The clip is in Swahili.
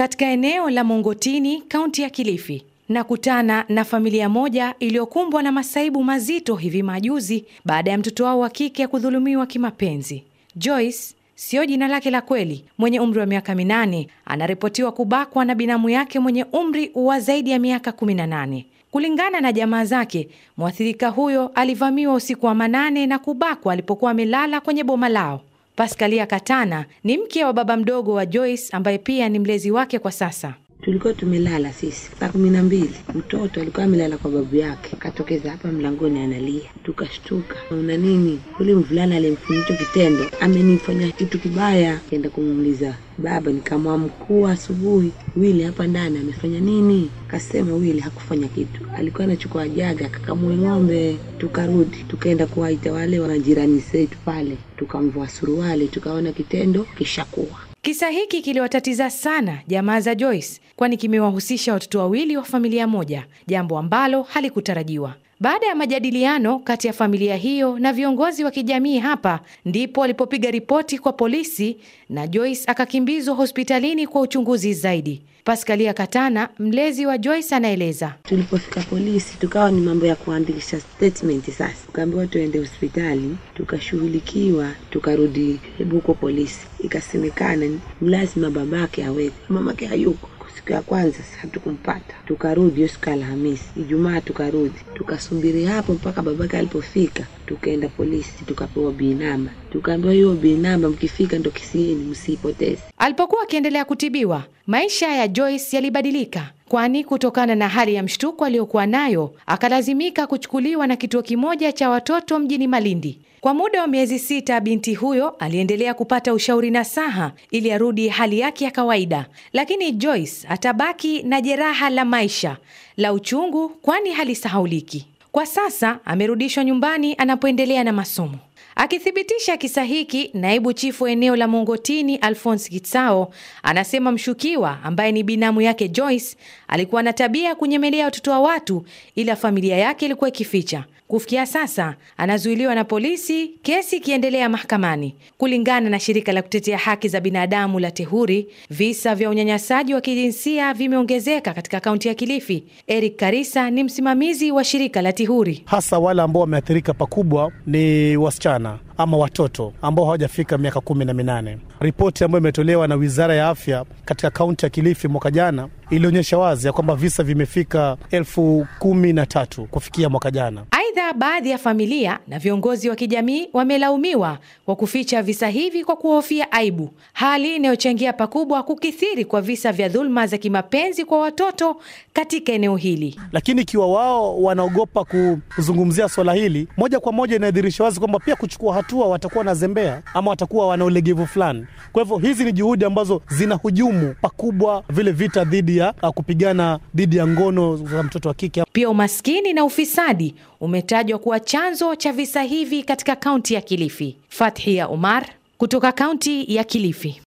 katika eneo la Mongotini, kaunti ya Kilifi, na kutana na familia moja iliyokumbwa na masaibu mazito hivi majuzi baada ya mtoto wao wa kike kudhulumiwa kimapenzi. Joyce siyo jina lake la kweli, mwenye umri wa miaka minane anaripotiwa kubakwa na binamu yake mwenye umri wa zaidi ya miaka kumi na nane. Kulingana na jamaa zake, mwathirika huyo alivamiwa usiku wa manane na kubakwa alipokuwa amelala kwenye boma lao. Paskalia Katana ni mke wa baba mdogo wa Joyce ambaye pia ni mlezi wake kwa sasa. Tulikuwa tumelala sisi saa kumi na mbili. Mtoto alikuwa amelala kwa babu yake, akatokeza hapa mlangoni analia, tukashtuka, una nini? Ule mvulana alimfunisha kitendo, amenifanya kitu kibaya. Kenda kumuuliza baba, mkuu asubuhi, Wili hapa ndani amefanya nini? Kasema Wili hakufanya kitu, alikuwa anachukua jaga akakamue ng'ombe. Tukarudi tukaenda kuwaita wale wanajirani zetu pale, tukamvua suruali, tukaona kitendo kishakuwa Kisa hiki kiliwatatiza sana jamaa za Joyce, kwani kimewahusisha watoto wawili wa familia moja, jambo ambalo halikutarajiwa. Baada ya majadiliano kati ya familia hiyo na viongozi wa kijamii hapa ndipo alipopiga ripoti kwa polisi na Joyce akakimbizwa hospitalini kwa uchunguzi zaidi. Paskalia Katana, mlezi wa Joyce, anaeleza. Tulipofika polisi, tukawa ni mambo ya kuandilisha statement. Sasa tukaambiwa tuende hospitali, tukashughulikiwa, tukarudi huko polisi. Ikasemekana lazima babake awezi mamake hayuko siku ya kwanza hatukumpata, tukarudi hiyo siku ya Alhamisi, Ijumaa tukarudi, tukasubiri hapo mpaka babake alipofika tukaenda polisi tukapewa binamba tukaambiwa hiyo binamba mkifika ndo kisieni, yenu Alipokuwa akiendelea kutibiwa, maisha ya Joyce yalibadilika, kwani kutokana na hali ya mshtuko aliyokuwa nayo akalazimika kuchukuliwa na kituo kimoja cha watoto mjini Malindi. Kwa muda wa miezi sita, binti huyo aliendelea kupata ushauri na saha ili arudi hali yake ya kawaida, lakini Joyce atabaki na jeraha la maisha la uchungu, kwani halisahauliki. Kwa sasa amerudishwa nyumbani anapoendelea na masomo. Akithibitisha kisa hiki, naibu chifu eneo la Mongotini Alphonse Kitsao anasema mshukiwa ambaye ni binamu yake Joyce alikuwa na tabia ya kunyemelea watoto wa watu, ila familia yake ilikuwa ikificha. Kufikia sasa anazuiliwa na polisi, kesi ikiendelea mahakamani. Kulingana na shirika la kutetea haki za binadamu la Tehuri, visa vya unyanyasaji wa kijinsia vimeongezeka katika kaunti ya Kilifi. Eric Karisa ni msimamizi wa shirika la Tehuri. Hasa wale ambao wameathirika pakubwa ni wasichana vijana ama watoto ambao hawajafika miaka kumi na minane. Ripoti ambayo imetolewa na wizara ya afya katika kaunti ya Kilifi mwaka jana ilionyesha wazi ya kwamba visa vimefika elfu kumi na tatu kufikia mwaka jana. Aidha, baadhi ya familia na viongozi wa kijamii wamelaumiwa kwa kuficha visa hivi kwa kuhofia aibu, hali inayochangia pakubwa kukithiri kwa visa vya dhuluma za kimapenzi kwa watoto katika eneo hili. Lakini ikiwa wao wanaogopa kuzungumzia swala hili, moja kwa moja inadhihirisha wazi kwamba pia kuchukua hatua watakuwa wanazembea ama watakuwa wana ulegevu fulani. Kwa hivyo hizi ni juhudi ambazo zinahujumu pakubwa vile vita dhidi ya uh, kupigana dhidi ya ngono za mtoto wa kike. Pia umaskini na ufisadi umetajwa kuwa chanzo cha visa hivi katika kaunti ya Kilifi. Fathia umar kutoka kaunti ya Kilifi.